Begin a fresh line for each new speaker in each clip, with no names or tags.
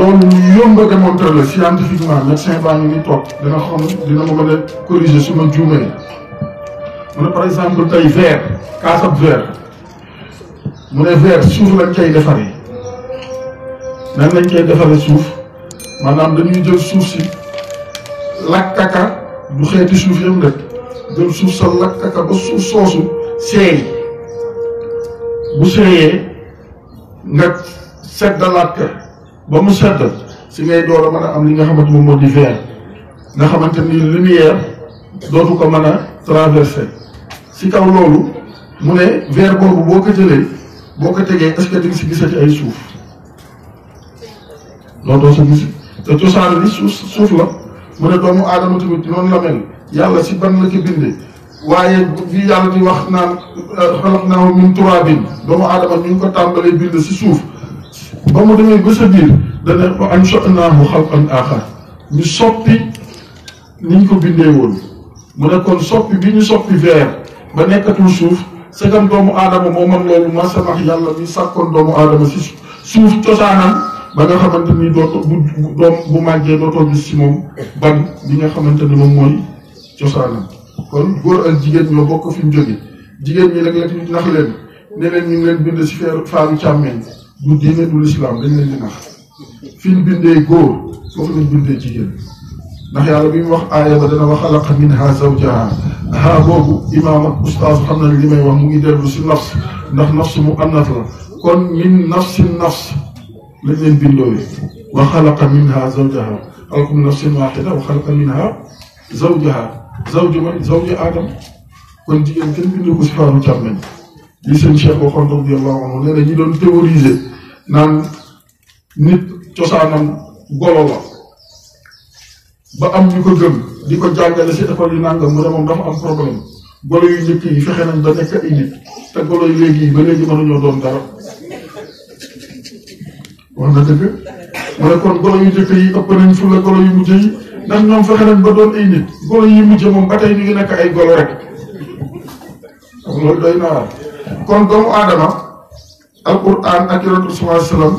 loolu lu yomb a démontrer la scientifiquement médecin baa ngi ni toog dina xam dina ma mën a corriger su ma juumee mu ne par exemple tey ver kaasab verre mu ne verre suuf lañ kay defaree nan lañ koy defaree suuf maanaam dañuy jël suuf si lakkaka du xeeti suuf yam rek jël suuf sa lakkaka ba suuf soosu seey bu seeyee nga seddalaat ka ba mu sedd si ngay door a mën a am li nga xamante moom moo di veer nga xamante ni lumière dootu ko mën a traversé si kaw loolu mu ne veer boobu boo ko jëlee boo ko tegee est ce que di nga si gisati ay suuf loolu doo sa gis te cosaan li suuf suuf la mu ne doomu aadama tamit noonu la mel yàlla si ban la ci bindee waaye bi yàlla di wax naan xalax naaw min turaabin doomu aadama ñu ngi ko tàmbalee bind si suuf ba mu demee ba sa biir am wa an sonaahu xalqan aaxar ñu soppi niñ ko bindee woon mu ne kon soppi bi ñu soppi veer ba nekkatul suuf sagam doomu aadama moo man loolu ma samax yàlla mi sàkkoon doomu aadama si suuf cosaanam ba nga xamante ni dootoo bu doom bu màggee dootoo gis si moom ban bi nga xamante ni moom mooy cosaanam kon góor ak jigéen ñoo bokk fi mu jóge jigéen ñi nag la nax leen ne leen ñu ngi leen bind si feeru faaru càmmeen دين الإسلام دين النخ فين بندي غور فين بندي جيل نحيا ربي وح آية بدنا وخلق منها زوجها ها بوب إمام أستاذ حنا اللي ما يوم يدير نفس نخ نفس مؤنثة كن من نفس النفس لين بندوي وخلق منها زوجها من نفس واحدة وخلق منها زوجها زوج من زوج آدم كن جيل فين بندوي سبحانه وتعالى li seen cheikh waxoon radiallahu anhu nee na ñi doon théoriser naan nit cosaanam golo la ba am ñu ko gëm di ko jàngale si école yi nangam mu ne moom dafa am problème golo yu njëkk yi fexe nañ ba nekk ay nit te golo yu léegi yi ba léegi mënuñoo doon dara wax na dëgg ne ñoom fexe nañ ba doon ay nit golo yi mujj moom ba tey ñu ngi nekk ay golo rek loolu doy naa kon doomu aadama alquran ak yonent bi sallallahu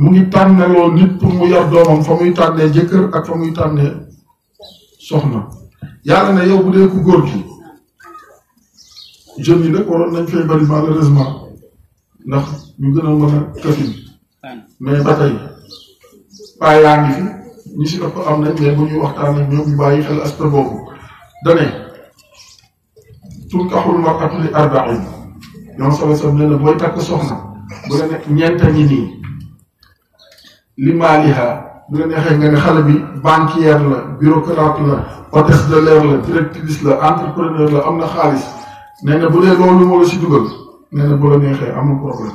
mu ngi tànnaloo nit mu yor doomam fa muy tànnee jëkkër ak fa muy tànnee soxna yàlla ne yow bu dee ku góor gi jeunes yi nag waroon nañ fay bari malheureusement ndax ñu gën a mën a kafin mais ba tey baa fi ñi si ëpp am nañ mais bu ñuy waxtaan ak ñoom bàyyi xel aspect boobu dane tunkahul mar'atu li arba'in ñoom sama sam nee na booy takk soxna bu la ne ñeenta ñi nii li maaliha bu la neexee nga ne xale bi banquière la bureaucrate la hôtesse de l'air la directrice la entrepreneur la am na xaalis nee na bu dee loolu moo la si dugal nee na bu la neexee amul problème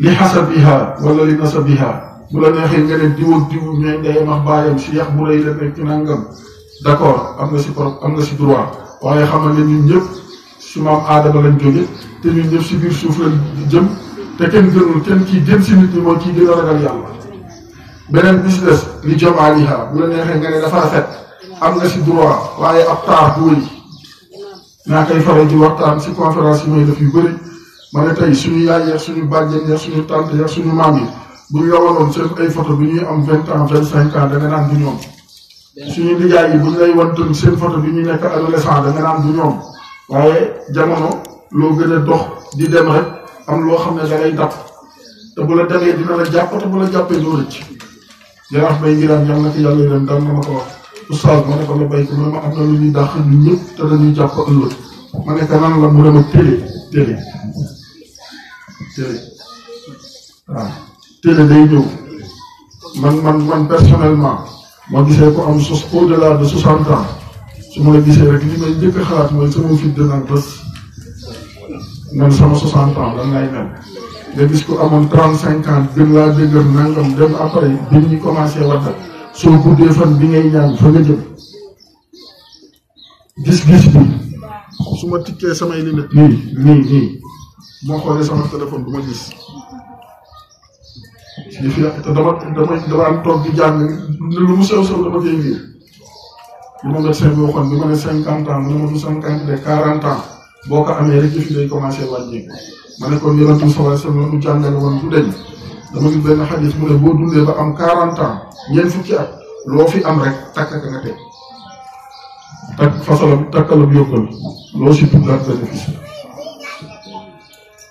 li xasabiha wala li nasabiha bu la neexee nga ne diw ak diw ñooy ndeyam ak baayam yax bu rëy la nekk nangam d' am nga si am nga si droit waaye xamal ne ñun ñëpp su maam aadama lañ jóge te ñun ñëpp si biir suuf lañ jëm te kenn gënul kenn kii gën si nit ñi mooy kii gën a ragal yàlla beneen bis des li aliha bu la neexee nga ne dafa rafet am nga si droit waaye ab taax bu wëli naa koy faral di waxtaan si conférence yi may def yu bëri ma ne tey suñu yaay yeeg ya, suñu bàjjen yeeg ya, suñu tante yeeg ya, suñu maam yi bu ñu la waloon seen ay photo bi ñuy am vingt ans vingt cinq ans da nga naan du ñoom suñu liggéey yi bu ñu lay seen photo bi ñu nekk adolescent da nga naan bu ñoom waaye jamono loo gën a dox di dem rek am loo xam ne da ngay dab te bu la demee dina la jàpp te bu la jàppee doo rëcc jaraaf bay ngiraan yàlla na ko yàlla leen daan na ma ko wax oustaz ma ne la bay télé télé télé télé day ñëw man man personnellement ma gisee ko am sos au delà de soixante ans su ma la gisee rek li may njëkk xalaat mooy sama fit dana bés man sama soixante ans lan lay mel nga gis ko amoon trente cinq ans gën laa dëgër nangam dem après bi ñu commencé wadda soo guddee fan bi ngay ñaan fa nga jëm gis-gis bi su ma tikkee samay limite nii nii nii moo xoolee sama téléphone du ma gis li fi yàq te dama dama dama toog di jàng lu mu sew sew dama koy lire lu ma médecin bi waxoon bi ma ne cinquante ans mu ne ma du cinquante de quarante ans boo ko amee rek yëf yi day commencé wàññeeku ma ne kon yonent bi sallallahu alayhi wasallam mu jàngale woon du deñ dama gis benn xadis fi am rek takk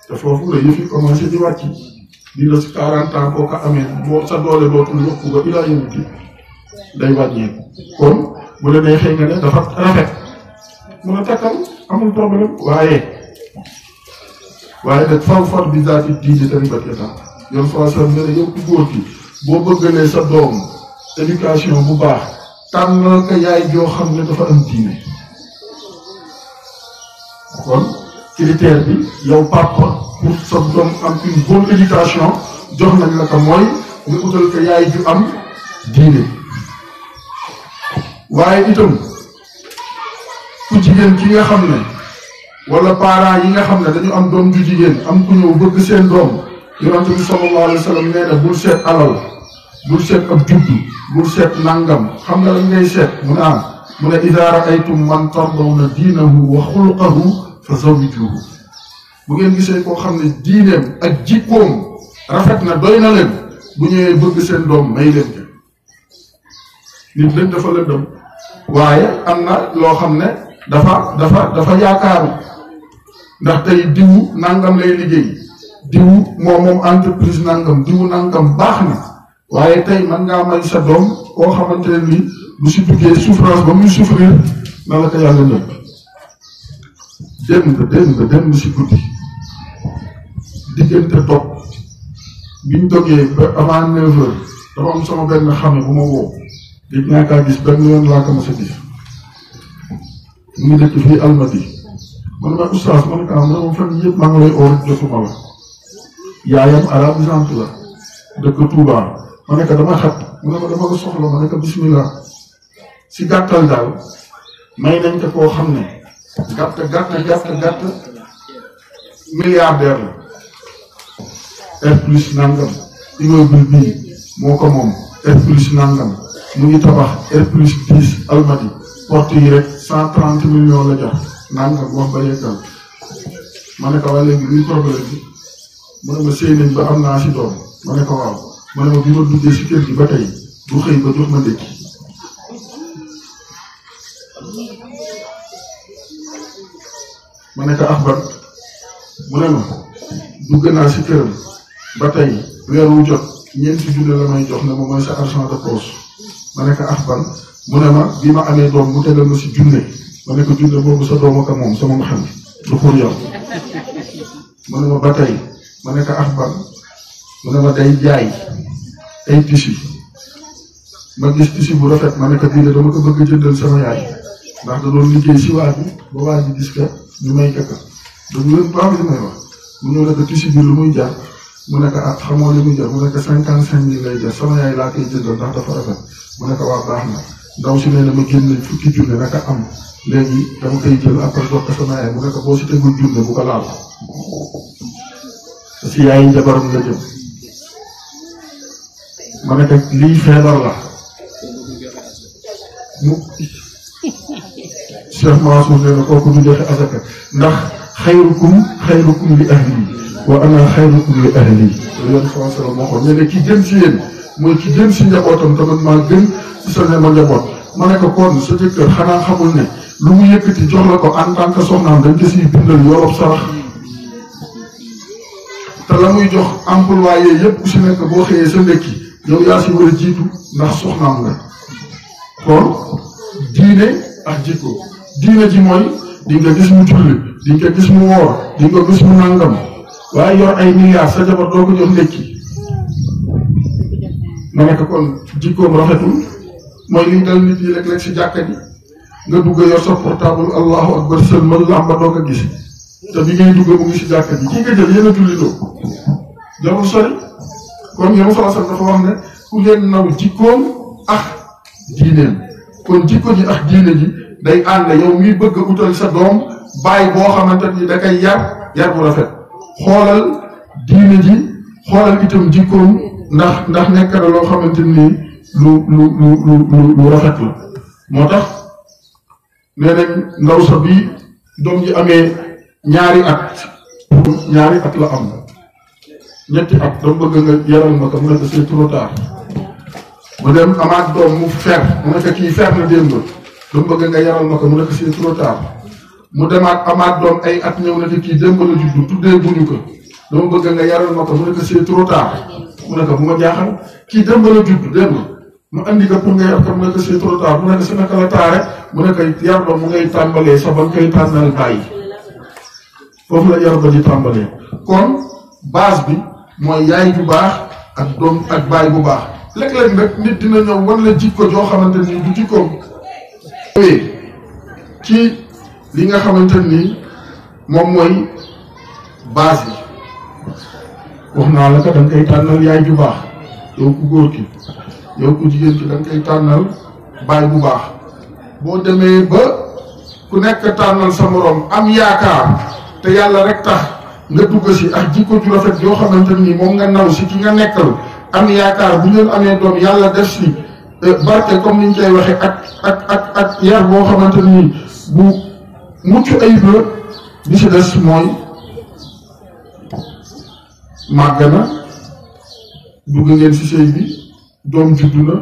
te foofu di la si 40 ans koo ko amee sa doole dootul yokku ba ilaa yawmi diin day wàññeeku kon bu la neexee dafa rafet mun a takkal amul problème waaye waaye nag fanfar bi zaati diine tamit ba tey tam yow François nga ne yow ku góor gi boo sa doom éducation bu baax tànnal ko yaay joo xam ne dafa am diine kon. critère bi yow papa pour sa doom am une bonne éducation jox nañ la ko mooy nga utal ko yaay ju am diine waaye itam ku jigéen ki nga xam ne wala parents yi nga xam ne dañu am doom ju jigéen am ku ñëw bëgg seen doom yonente bi sallallahu alayhi wa sallam nee na bul set alal bul seet ab juddu bul seet nangam xam nga lañ ngay seet mu ne ay ah, mu ne idaa raaytum man tardawna diinahu wa xulqahu fa zawwijuuhu bu ngeen gisee koo xam ne diineem ak jikkoom rafet na doy na leen bu ñëwee bëgg seen doom may leen ca nit nag dafa lëndëm waaye am na loo xam ne dafa dafa dafa yaakaaru ndax tey diw nangam lay liggéey diwu moom moom entreprise nangam diwu nangam baax na waaye tey man ngaa may sa doom koo xamante ne ni bu si duggee souffrance ba muy souffrir na la ko yàlla nëbb démb démb démb si guddi diggante topp biñ dogee ba avant neuf heures dafa am sama benn xame bu ma woo gëj naa gis benn yoon laa ko mos a gis mu ngi dëkk fii almadi man ma oustaz man kaa man ma fan yëpp maa ngi lay oo rek jotuma la yaayam arabisante la dëkk Touba ma ne ko dama xat mu ne ma dama ko soxla ma ne ko bismillah si gàttal daal may nañ ko koo xam ne gàtt gàtt gàtt gàtt milliardaire la R plus nangam immeuble bii moo ko moom R plus nangam mu ngi tabax R plus dix almadi porte yi rek cent trente millions la jox nangam wax ba yeggal ma ne ko léegi luy problème bi mu ne ma sëy ba am naa si doom ma ne ko waaw ma ne ma bi ma duggee si kër ba tey du xëy ba jox ma ndékki mané ne ko ahbab mu ma dugg naa ci kërëm ba tay weer wu jot ñeenti junne la may jox ne ma mooy sa argent de poche mané ne ko ahbab mu ma bima amé doom mu tegal ma ci jullé mané ko jullé bobu sa doom ak mom sama xam du ko yow mune ma ba tay mané ne ko ahbab mu ma day jaay ay tissu ma gis tissu bu rafet mané ne ko bii dama ko bëgg jëndal sama yaay ndax da doon liggéey ci waaji bi ba waa gis ka li may kaka dañu leen baax mu ñëw nekk tissu lu muy jar mu nekk ah xamoo li muy jar mu nekk cinquante cinq mille lay jar sama yaay laa koy jëndoon ndax dafa rafet mu nekk waa baax na ndaw si nee ma génne fukki junne naka am léegi dama koy jël après jox ko yaay mu nekk boo si tegul junne bu ko laal si yaayu njabaram la jëm ma nekk lii feebar la Cheikh Mansour nee na kooku du joxe asaka ndax xayrukum xayrukum li ahli wa ana xayrukum li ahli la lu mu yëkkati jox la ko yaa si war a jiitu ndax soxnaam nga kon diine ak jikko diina ji moy di nga gis mu julli di nga gis mu wor di nga gis mu nangam way yor ay milliards sa jabar do ko jox ndekki ma nek kon jikko mo rafetul moy li dal nit yi rek rek ci jakka ji nga dugg yor sa portable allahu akbar man la làmba do ko gis te bi ngay dugg mu ngi ci jakka ji kii nga jël yena a do do jarul sori kon yow fa sa dafa wax ne ku len naw jikko ak diineem kon jikko ji ak diine ji day ànd yow miy bëgg utal sa doom bàyyi boo xamante ni da koy yar yar bu rafet xoolal diine ji xoolal itam jikkoom ndax ndax nekk na loo xamante ni lu lu lu lu lu rafet la moo tax nee nañ ndaw sa bi doom ji amee ñaari at ñaari at la am ñetti at dama bëgg nga yaral ma ko mu nekk c'est trop tard mu dem amaat doom mu fer mu nekk kii fer na démb lu mu bëgg nga yaral ma ko mu nekk c'est trop mu demaat amaat doom ay at ñëw na te kii démb la juddu tuddee buñu ko lu bëgg nga yaral ma ko mu nekk c'est trop tard mu nekk bu ma jaaxal kii démb la nekk la taare mu nekk yar ba mu ngay tàmbalee sa ba nga koy tànnal bàyyi foofu la yar ba di tàmbalee kon base bi mooy yaay bu baax ak doom ak baay bu baax léeg-léeg nag nit dina ñëw wan la jikko joo xamante ni du jikkoom ci li nga xamante nii moom mooy base bi wax naa la ko da nga koy tànnal yaay ju baax yow ku góor ki yow ku jigéen ki da nga tànnal baay bu baax boo demee ba ku nekk tànnal sa moroom am yaakaar te yàlla rek tax nga dugg si ak jikko ju rafet yoo xamante nii moom nga naw si ki nga nekkal am yaakaar bu ngeen amee doom yàlla def si Euh, barke comme ni ñu koy waxee ak ak ak yar boo xamante ni bu mucc ayib la bi ci des mooy màgg na dugg ngeen ci bi doom juddu na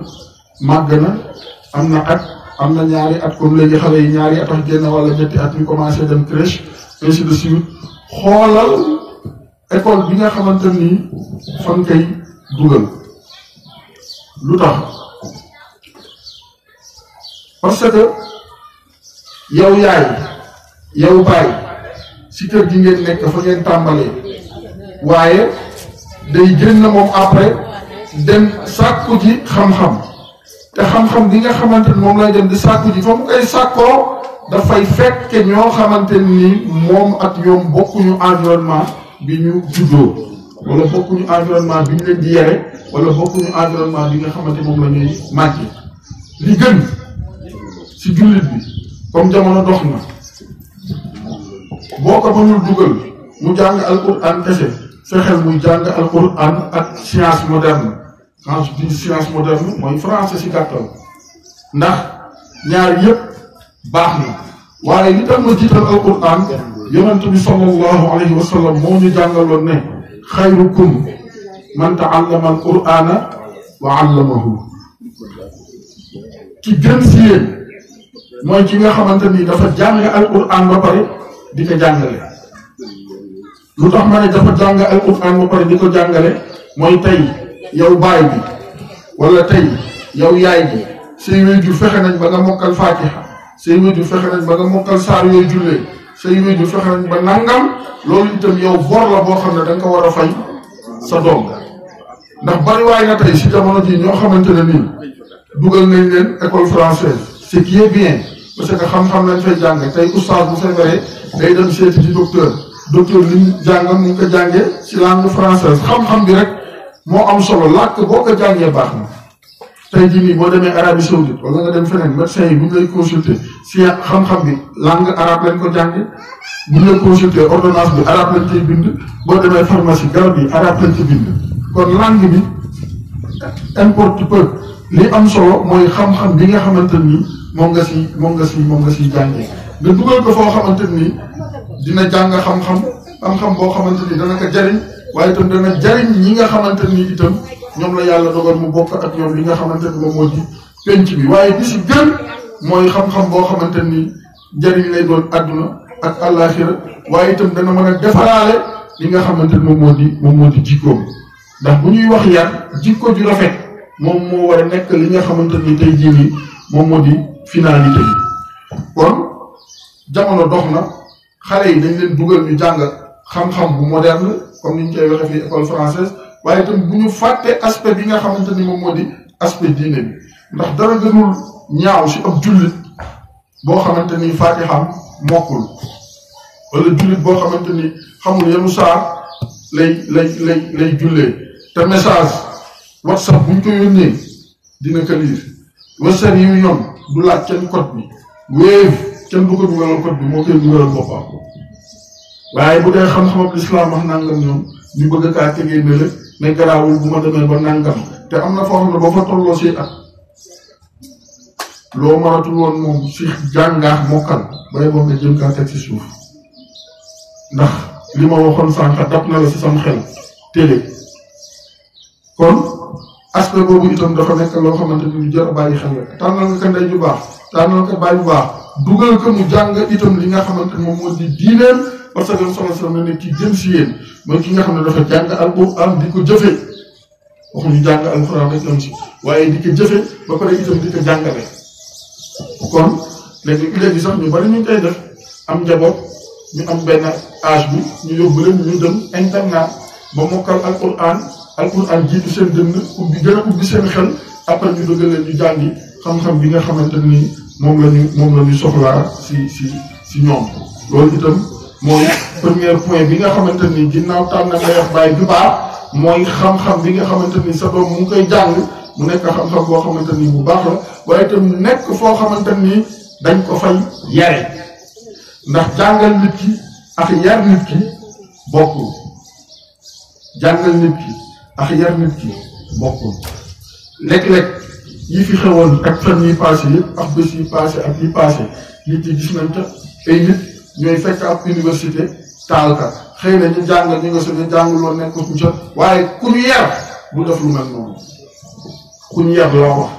màgg na am na ak am na ñaari at comme léegi xale yi ñaari at ak génn wala ñetti at ñu commencé dem crèche ainsi si suite xoolal école bi nga xamante ni fan kay dugal lu tax. parce que yow yaay yow baay si kër gi ngeen nekk fa ngeen tàmbalee waaye day génn moom après dem sàkku ji xam-xam te xam-xam bi nga xamante ni moom lay dem di sàkku ji fa mu koy sàkkoo dafay fekk ñoo xamante ni moom ak ñoom bokkuñu environnement bi ñu juddoo wala bokkuñu environnement bi ñu leen di yare wala bokkuñu environnement bi nga xamante moom la màcc li gën ci julit bi comme jamono dox na boo ko mënul dugal mu jàng alquran kese fexel muy jàng alquran ak science moderne quand je dis science moderne mooy français si gàttal ndax ñaar yépp baax na waaye li tax ma jiital alquran yonent bi sallallahu alayhi wa sallam moo ñu jàngaloon ne xayrukum man taallama alqurana wa allamahu ki gën si yéen mooy ci nga xamante ni dafa jàng alquran ba pare di ko jàngale lu jàngale mooy tey yow baay bi wala tey yow yaay bi say wéy fexe nañ ba nga mokkal fatiha say wéy fexe nañ ba nga mokkal saar yooyu jullee say wéy fexe nañ ba nangam loolu itam yow bor la boo xam ne da ko war a fay sa doom ndax bariwaay na tey si jamono ji ñoo xamante ne nii dugal nañ leen école française ce qui est bien parce que xam-xam lañ fay jànge tey oustaz bu feebaree day dem seeti ci docteur docteur li jàngam ni ñu ko jàngee ci langue française xam-xam bi rek moo am solo làkk boo ko jàngee baax na tey jii nii boo demee Arabie Saoudite wala nga dem feneen médecin yi bu ñu lay consulter si xam-xam bi langue arabe lañ ko jàngee bu ñu lay consulter ordonnance bi arabe lañ koy bind boo demee pharmacie garab yi arabe lañ koy bind kon langue bi importe peu li am solo mooy xam-xam nga xamante ni. moom nga si moom nga si moom nga si jàngee nga dugal ko foo xamante ni dina jàng xam-xam xam-xam boo xamante ni dana ko jariñ waaye itam dana jariñ ñi nga xamante ni itam ñoom la yàlla dogal mu bokk ak ñoom li nga xamante ni moom moo ji penc bi waaye si mooy xam-xam boo xamante ni jariñ lay doon àdduna ak àllaaxira waaye itam dana mën a defaraale li nga xamante ni moo di moom moo di jikkoom ndax bu ñuy wax yar jikko ju rafet moom moo war a nekk li nga xamante ni tey jii moom moo di finalité bi kon jamono dox na xale yi dañ leen dugal ñu jàng xam-xam bu moderne comme ni ñu koy waxee fii école française waaye itam bu ñu fàtte aspect bi nga xamante ni moom moo di aspect diine bi ndax dara gënul ñaaw si ab jullit boo xamante ni faatixam mokkul wala jullit boo xamante ni xamul yenu saar lay lay lay lay jullee te message whatsapp bu ñu ko yónnee dina ko lire whatsapp yi yoon du laaj kenn code bi Wave kenn du ko dugalal code bi moo koy dugalal boppam waaye bu dee xam-xam ak lislaam wax nangam ñoom ñu bëgg kaa tegee nële ne garaawul bu ma demee ba nangam te am na foo xam ne boo fa tolloo si at loo maratul woon moom si jàngaax mokkal bay boo nga jëm kaa teg si suuf ndax li ma waxoon sànq dab na la si sam xel télé kon aspect boobu itam dafa nekk loo xamante ni lu jar a bàyyi xel la tànnal nga ko ndey bu baax tànnal ko bàyyi bu baax dugal ko mu jàng itam li nga xamante moom moo di diineen parce que solo solo na ne ki gën si yéen mooy ki nga xam ne dafa jàng alquran di ko jëfee waxuñu waaye di ko jëfee ba pare itam di ko jàngale kon léegi idée sax ñu bari ñu koy def am njaboot ñu am benn âge bi ñu yóbbu leen ñu dem internat ba mokkal alquran alquran jiitu seen dënd ubbi gën a ubbi seen xel après ñu bëgg leen ñu jàngi xam-xam bi nga xamante ni moom la ñu moom la ñu soxlaa si si si ñoom loolu itam mooy premier point bi nga xamante ni ginnaaw tànn na ngay wax bàyyi ju baax mooy xam-xam bi nga xamante ni sa doom mu ngi koy jàng mu nekk xam-xam boo xamante ni bu baax la waaye itam nekk foo xamante ni dañ ko fay yare ndax jàngal nit ki ak yar nit ki bokkul jàngal nit ki ak yar nit ki bokkul léeg-léeg yi fi xewoon ak fan yi passé yëpp ak bés yi passé ak yi passé nit yi gis nañ ca ay nit ñooy fekk ab université taal ka xëy na ñu jàng ñi nga su ne jànguloon nekk ko ca waaye ku ñu yar bu def lu mel noonu ku ñu yar laa wax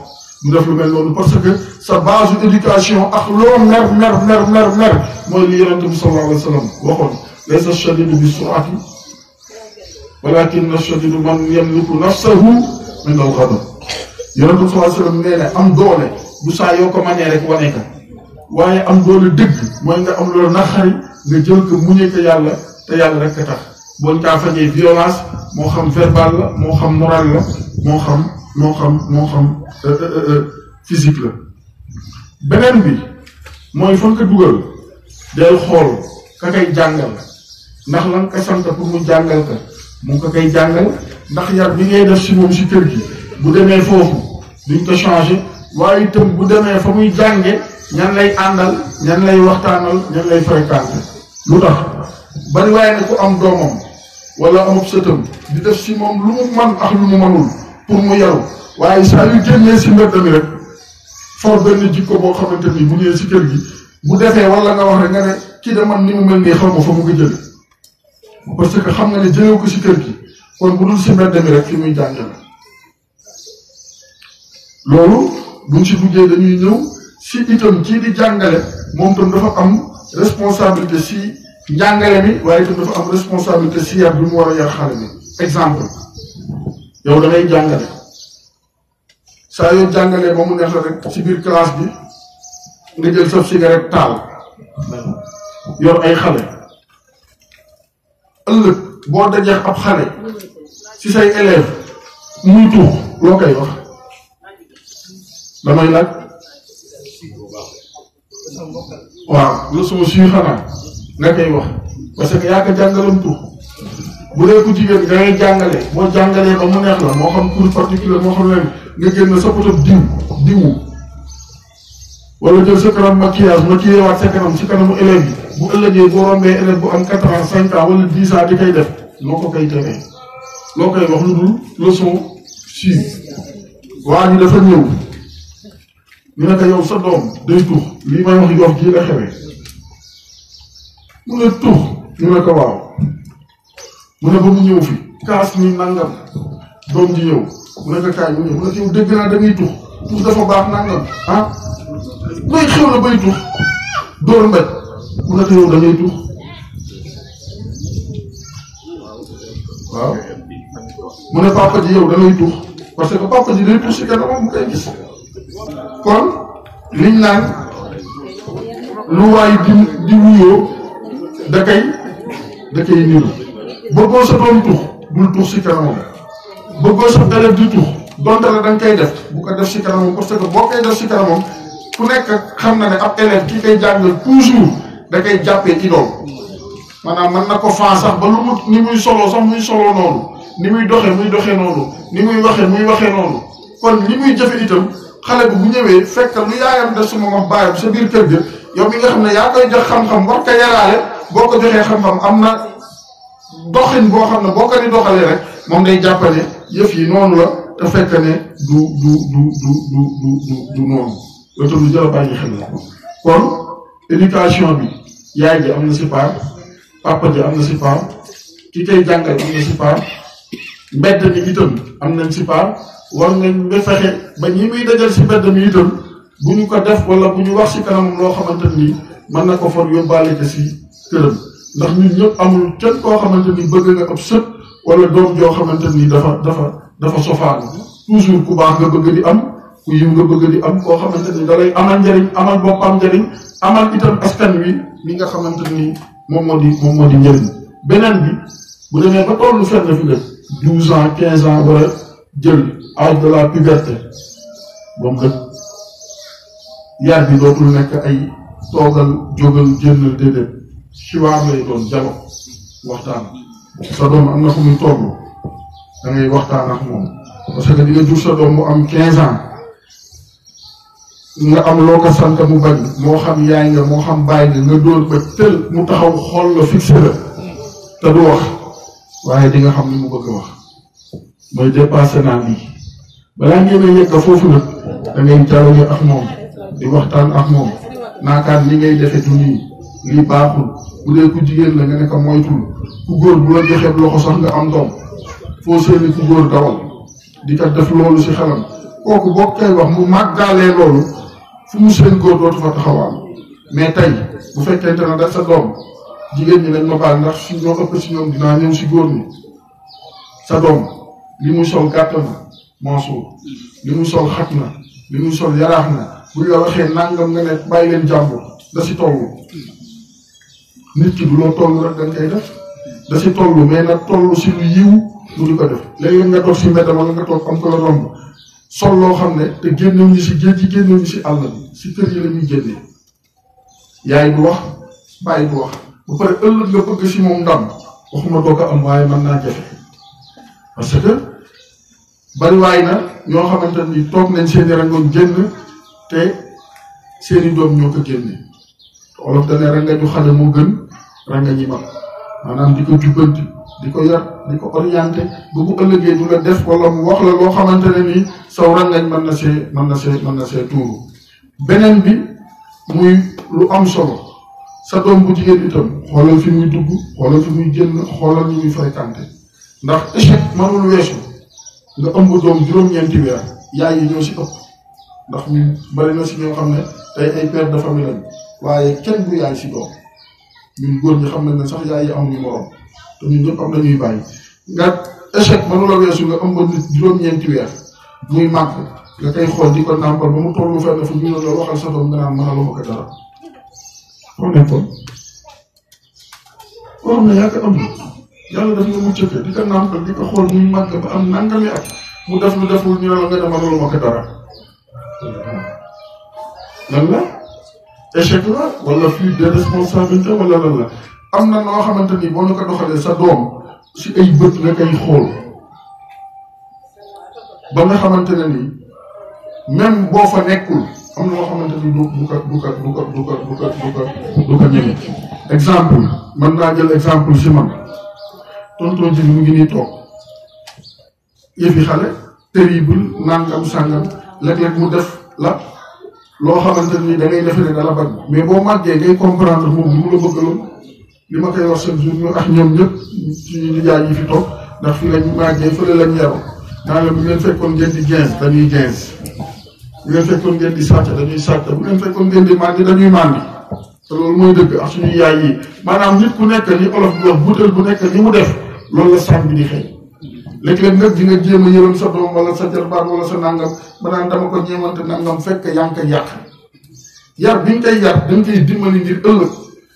mu def lu mel noonu parce que sa base d'éducation ak loo mer mer mer mer mer mooy li yonente bi sallallahu alayhi wa sallam waxoon laysa shadidu bi surati ولكن الشديد من يملك نفسه من الغضب يرد فاصل من ام دول neena am doole bu sa yo ko mané rek wané ka nga am lolu nakhari nga jël ko muñe ko yalla te yalla rek tax bo nga fañé violence mo xam verbal la mo xam moral la mo xam mo xam mo xam euh, euh, euh, physique la benen bi moy fa nga duggal del xol ka kay jangal ndax lan ka sante pour mu jangal ka mu ngi ko koy jàngal ndax yar bi ngay def si moom si kër gi bu demee foofu duñ ko changé waaye itam bu demee fa muy jànge ñan lay àndal ñan lay waxtaanal ñan lay fréquenté lu tax bari waaye ne ku am doomam wala amub sëtam di def si moom lu mu man ak lu mu manul pour mu yaru waaye saa yu génnee si mbedd mi rek for benn jikko boo xamante ni bu ñëwee si kër gi bu defee wala nga wax rek nga ne kii de man ni mu mel nii xaw ma fa mu ko jële parce que xam nga ni jëlee ko si kër gi kon bu dul si mbedd mi rek fi muy jàng loolu buñ si duggee dañuy ñëw si itam kii di jàngale moom itam dafa am responsabilité si njàngale mi waaye itam dafa am responsabilité si yar bi mu war a yar xale mi exemple yow da jàngale saa yoo jàngalee ba mu neex la rek si biir classe bi nga jël sa cigarette taal yor ay xale. ëllëg boo dajeex ab xale ci say élève muy tuux loo koy wax damay laaj waaw la suma suy xanaa nga koy wax parce que yaa ko jàngaloon bu dee ku jigéen da ngay jàngale boo jàngalee ba mu neex la moo xam cours particulier moo xam leen nga génn sa potob diw diwu wala jël sa kanam maquillage maquillé waat sa kanam si kanamu élèves yi bu ëllëgee boo rombee élève bu am quatre ans cinq ans wala dix ans di koy def loo ko koy teree loo koy wax lu dul leçon si waa ñu dafa ñëw ñu ne ko sa doom day tux lii may wax yox jii la xewee mu ne tux ñu ne waaw mu ne ba mu ñëw fi kaas mi nangam doom ji ñëw mu ne ko mu ñëw mu ne ko yow dégg tux suuf dafa baax nangam ah bay xew na bay tuux dóor mbet mu nekk yow da ngay tuux waaw mu ne papa ji yow da ngay tuux parce que papa ji day tuux si kanamam mu koy gis kon liñ naan lu waay di di wuyoo da kay da kay niru bëggoo sa doom tuux bul tuux si kanamam bëggoo sa élève di tuux donte la da nga koy def bu ko def si kanamam parce que boo koy def si kanamam ku nekk xam na ne ab élève ki koy jàngal toujours da koy jàppee idool maanaam mën na ko faa sax ba lu mu ni muy solo sax muy solo noonu ni muy doxee muy doxee noonu ni muy waxee muy waxee noonu kon li muy jëfe itam xale bi bu ñëwee fekk lu yaayam def su ma wax baayam sa biir kër ga yow mi nga xam ne yaa koy jox xam-xam war ko yaraale boo ko joxee xam-xam am na doxin boo xa ne boo ko di doxalee rek moom day jàppale yëf yi noonu la te fekk ne du du du du du du du du noonu loolu tamit jërë bàyyi xel la kon éducation bi yaay ji am na si part papa ji am na si part ki koy jàngal am na si part mbedd mi itam am nañ si part war ngañ nga fexe ba ñi muy dajal si mbedd mi itam bu ñu ko def wala bu ñu wax si kanamam loo xamante ni mën na ko for yóbbaale ko si këram ndax ñun ñëpp amul kenn koo xamante ni bëgg nga ab sët wala doom joo xamante ni dafa dafa dafa sofaan toujours ku baax nga bëgg di am ku yiw nga bëgg di am koo xamante ni amal njëriñ amal boppam njëriñ amal itam askan wi mi nga xamante ni moom moo di moom moo di njëriñ beneen bi bu demee ba tollu fenn fi def douze ans quinze ans war jël de la puberté moom nag yar bi dootul nekk ay toogal jógal génnal déedéet chiwaar lay doon jalo waxtaan sa doom am na fu muy da ngay waxtaan ak moom parce que dina jur sa doom mu am 15 ans nga am loo ko sant mu bañ moo xam yaay nga moo xam bàyyi nga nga dóor ba tël mu taxaw xool la fixé la te du wax waaye di nga xam ni mu bëgg wax mooy dépassé naa lii balaa ngeen a yegg foofu nag da e ngay jaww ak moom di waxtaan ak moom naakaan ni ngay defe du nii lii baaxul bu dee ku jigéen la nga ne ko moytul ku góor bu la joxe loxo sax nga am doom foo seeni ku góor dawal di ko def loolu si xelam kooku boo koy wax mu màggaalee loolu fu mu seen góor dootu fa taxawaal mais tey bu fekkente ne daf sa doom jigéen ñi nañ ma baal ndax si ñoo ëpp si ñoom dinaa ñëw si góor ñi sa doom li muy sol gàtt na Mansour li muy sol xat na li muy sol yaraax na bu la waxee nangam nga ne bàyyi leen da si tollu nit ki bu loo toll rek dañ koy def da si toll mais nag toll si lu yiw du ñu ko def léegi nga toog si mbedd wala nga toog am ko la romb sol loo xam ne te génnewuñu si géej gi génnewuñu si àll bi si kër yi la ñuy yaay bu wax bàyyi bu wax ba pare ëllëg nga bëgg si moom ndam waxuma doo ko am waaye mën naa jafe parce que bariwaay na ñoo xamante ni toog nañ seen i rangoon génn te seen doom ñoo ko génne olof da ne rangañu xale moo gën rangañu mag maanaam di ko jubbanti di ko yar. di ko orienté bu bu ëllëgé du la def wala mu wax la lo xamante ni saw ran lañ mëna sé mëna sé mëna sé tour benen bi muy lu am solo sa doom bu jigéen itam xoolal fi muy dugg xoolal fi muy génn xoolal ñu muy fréquenté ndax échec mënul wéssu nga ëmb doom juróom-ñeenti weer yaay yi ñoo si ëpp ndax ñu bari na si ñoo xam ne tey ay père de famille lañ waaye kenn du yaay si doom ñun góor ñi xam nañ ne sax yaay yi am ñu morom te ñun ñëpp am Enggak, ñuy bàyyi nga échec mënu la weesu nga ëmb nit juróom-ñeenti weer muy màgg nga koy xool di ko nàmpal ba mu toll fenn fu ñu la waxal sa doom nga naan mënal ma ko dara foo nekkoon koo xam ne yaa ya, ko ëmb yàlla daf nga mu di ko nàmpal di ko xool muy màgg ba am nangami at mu def lu deful ñu la nga dama loolu ma ko dara lan la échec la wala fuite de responsabilité wala lan la amna na xamanteni bo ni ko doxale sa dom si ay beut nga koy xol ba nga xamanteni ni même bo fa nekul am na xamanteni xamante du du ko du ko du ko du ko du ko du ko du ko exemple man naa jël exemple si man tonton ji mu ngi nii toog yëfi xalé terrible nangam sangam léeg-léeg mu def la lo xamanteni da ngay defe da la bañ mais bo magge ngay comprendre moom lu la lima ma koy wax chaque jour ñu ak ñoom ñëpp ci nijaay yi fi toog ndax fi lañ màggee fële lañ yaroo naa la bu ngeen fekkoon ngeen di quinze dañuy quinze bu ngeen fekkoon ngeen di sàcc dañuy sàcc bu ngeen fekkoon ngeen di màndi dañuy màndi te loolu mooy dëgg ak suñu yaay yi maanaam nit ku nekk ni olof bi wax butéel bu nekk ni mu def loolu la sàmm bi di xëy léeg-léeg nag di nga jéem a yërëm sa doom wala sa jarbaat wala sa nangam ba naan dama ko ñeemante nangam fekk yaa ngi koy yàq yar bi nga koy yar dañ koy dimbali ngir ëllëg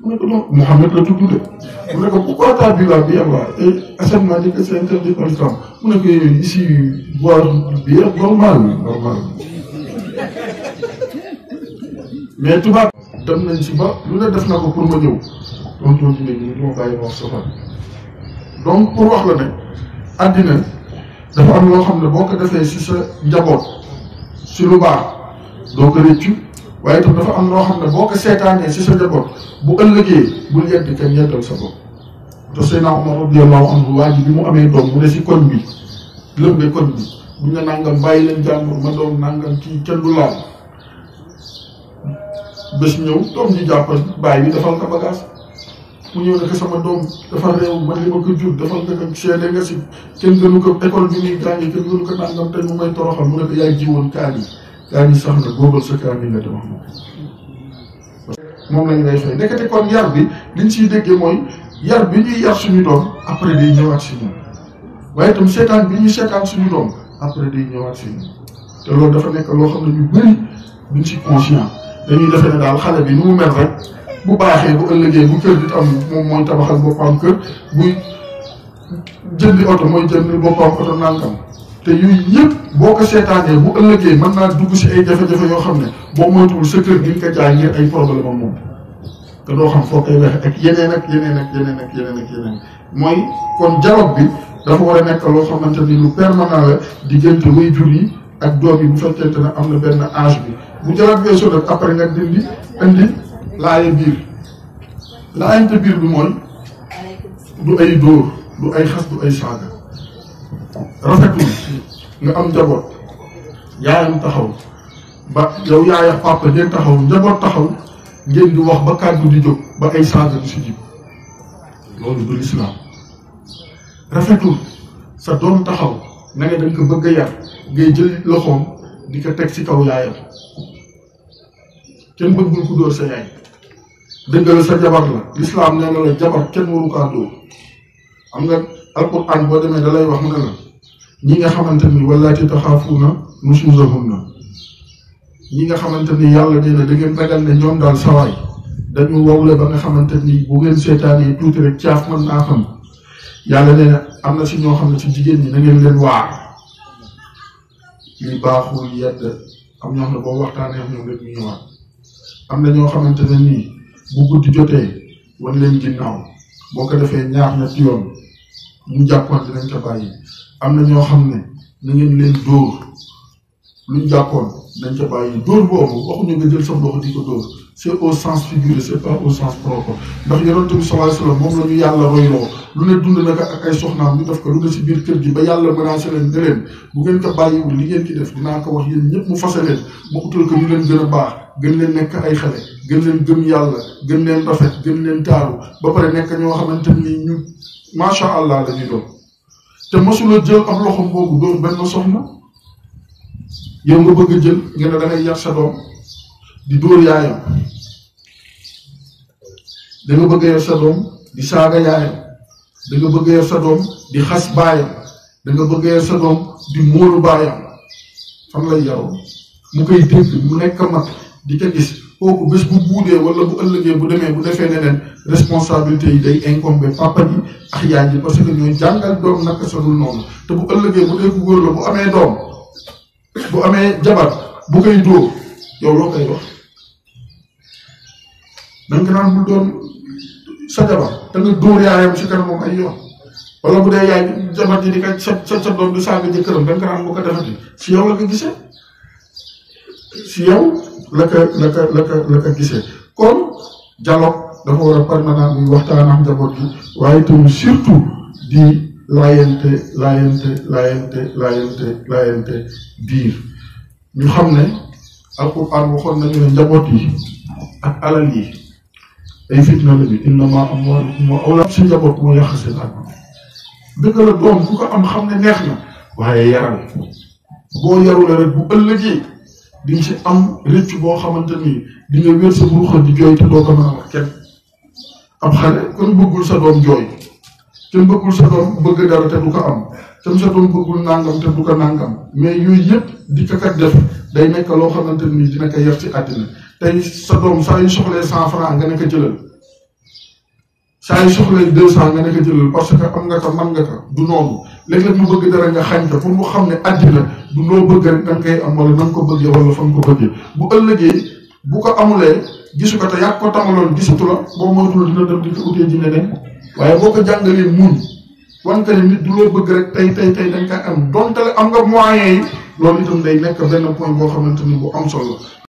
mu ne ko non Mouhamed la tudd de mu ne ko pourquoi ta bière bi là-bas et Assane m'a dit que c'est interdit par l'islam mu ne ko eh, ici boire bière normal normal mais tubaab dem nañ ci ba lu ne def na ko pour ma ñëw donc pour wax la ne àddina dafa am loo xam ne boo ko defee ci sa njaboot ci lu baax doo ko rëccu waaye itam dafa am noo xam ne boo ko seetaanee si sa njaboot bu ëllëgee bul yedd kenn yeddal sa bopp te Seydina Omar radiyallahu anhu waa ji bi mu amee doom mu ne si koñ bi lëmbe koñ bi bu ñu nangam bàyyi leen jàmbur ma doom nangam ci kenn du laal bés ñëw doom ji jàppal bàyyi bi defal ko bagage mu ñëw ne sama doom dafa réew man li ma ko jur defal nga ko seede nga si kenn gënu ko école bi muy jàngi kenn gënu ko nangam te mu may toroxal mu ne ko yaay jiwoon yaa ngi na góobal sa kaam yi nga di wax moom lañ lay fay nekkati kon yar bi liñ siy déggee mooy yar bi ñuy yar suñu doom après day ñëwaat si ñun waaye itam seetaan bi ñuy seetaan suñu doom après day ñëwaat si ñun te loolu dafa nekk loo xam ne ñu bëri duñ ci conscient dañuy defee ne daal xale bi nu mu mel rek bu baaxee bu ëllëgee bu kër di am moom mooy tabaxal boppam kër buy jëndi oto mooy jënd boppam oto nànkam te yooyu yëpp boo ko seetaanee bu ëllëgee mën naa dugg si ay jafe-jafe yoo xam ne boo moytuwul sa kër gi nga ko jaay ngir ay problème am moom te doo xam foo koy waxee ak yeneen ak yeneen ak yeneen ak yeneen ak mooy kon dialogue bi dafa war a nekk loo xamante ni lu permanent la diggante waajur yi ak doom yi bu fekkente ne am na benn âge bi bu dialogue weesoo nag après nga dindi indi laaye biir laayante biir bi mooy du ay dóor du ay xas du ay saaga. rafetul nga am njaboot yaayam taxaw ba yow yaaya papa ngeen taxaw njaboot taxaw ngeen di wax ba kàddu di jóg ba ay saaga du si jib loolu du lislaam rafetul sa doom taxaw na nga dañ ko bëgg a yar ngay jël loxoom di ko teg si kaw yaayam kenn bëggul ku door sa yaay dëgg la sa jabar la lislaam nee na la jabar kenn waru kaa dóor am nga alquran boo demee da lay wax mu ne la ñi nga xamante ni wallaati taxaafuuna nusuuzahunna ñi nga xamante ni yàlla nee na da ngeen ragal ne ñoom daal ba nga xamante ni bu ngeen seetaanee tuuti rek caaf mën yàlla nee na am na si ñoo xam ne si jigéen ñi na ngeen leen waar li baaxul yedd am ñoo ñoom rek ñu ñëwaat am na ñoo xamante ne nii bu guddi jotee wan leen ginnaaw boo ko defee ñaax ñetti yoon mu jàppoon dinañ ko bàyyi. am na ñoo xam ne na ngeen leen dóor luñ jàppoon nañ ca bàyyi dóor boobu waxuñu nga jël sa loxo di ko dóor c'est au sens figuré c'est pas au sens propre ndax yonent bi sallallahu alayhi wasallam moom la ñu yàlla royloo lu ne dund naka ak ay soxnaam ñu def ko lu ne si biir kër gi ba yàlla menacé leen ne leen bu ngeen ko bàyyiwul li ngeen ci def dinaa ko wax yéen ñëpp mu fase leen mu utal ko ñu leen gën a baax gën leen nekk ay xale gën leen gëm yàlla gën leen rafet gën leen taaru ba pare nekk ñoo xamante ni ñu macha allah la te mosula jël ab loxom boobu benn soxna yow nga bëgg a jël nga ne da ngay yar sa doom di dóor yaayam da nga bëgg a yar sa doom di di xas baayam da nga bëgg a yar sa doom di móolu baayam fan lay yaroo mu koy dégg mu nekk mat di ko gis koku bes bu boudé wala bu ëllëgé bu démé bu défé leneen responsabilité yi day incomber papa yi ak yaay yi parce que ñooy jangal doom naka sa dul noonu te bu ëllëgé bu dee ku la bu amé doom bu amé jabar bu koy do yow lo koy wax da nga naan bul doon sa jabar da nga dóor yaayam ci kanam mom ay yoon wala bu dee yaay jabar di ka sa sa sa doom du sa jëkkëram da nga naan bu ko defati ci yow la ko gissé ci yow. la ka la ka la ka gisee kon dialogue dafa war a permanent muy waxtaan ak njaboot gi waaye tamit surtout di laayante laayante laayante laayante laayante biir ñu xam ne alquran waxoon nañu ne njaboot yi ak alal yi ay fitna la bi innama amwaalukum wa awlaadukum si njaboot moo yàq seen àdduna dëgg la doom bu ko am xam ne neex na waaye yaral boo yarule rek bu ëllëgee di nga ci am rëcc boo xamante ni di nga wér sa buruxal di jooy te doo ko mën a wax kenn ab xale kon bëggul sa doom jooy kenn bëggul sa doom bëgg dara te du ko am kenn sa doom bëggul nangam te du ko nangam mais yooyu yëpp di ko kat def day nekk loo xamante ni dina ko yar ci àddina tey sa doom saa yu soxlee cent franc nga ne ko jëlal saa yu soxlee deux cent nga ne jëlal parce que am nga ko man nga ko du noonu léeg-léeg ñu bëgg dara nga xañ ko pour mu xam ne àddina du loo bëgg rek da nga koy am wala na ko bëggee wala fa nga ko bëggee bu ëllëgee bu ko amulee gisu ko te yàgg ko tamaloon gisatu la boo moytuwul dina dem di ko utee ji neneen waaye boo ko jàngalee muñ wante ne nit du loo bëgg rek tey tey tey dañ koy am donte am nga moyens yi loolu itam day nekk benn point boo xamante ni bu am solo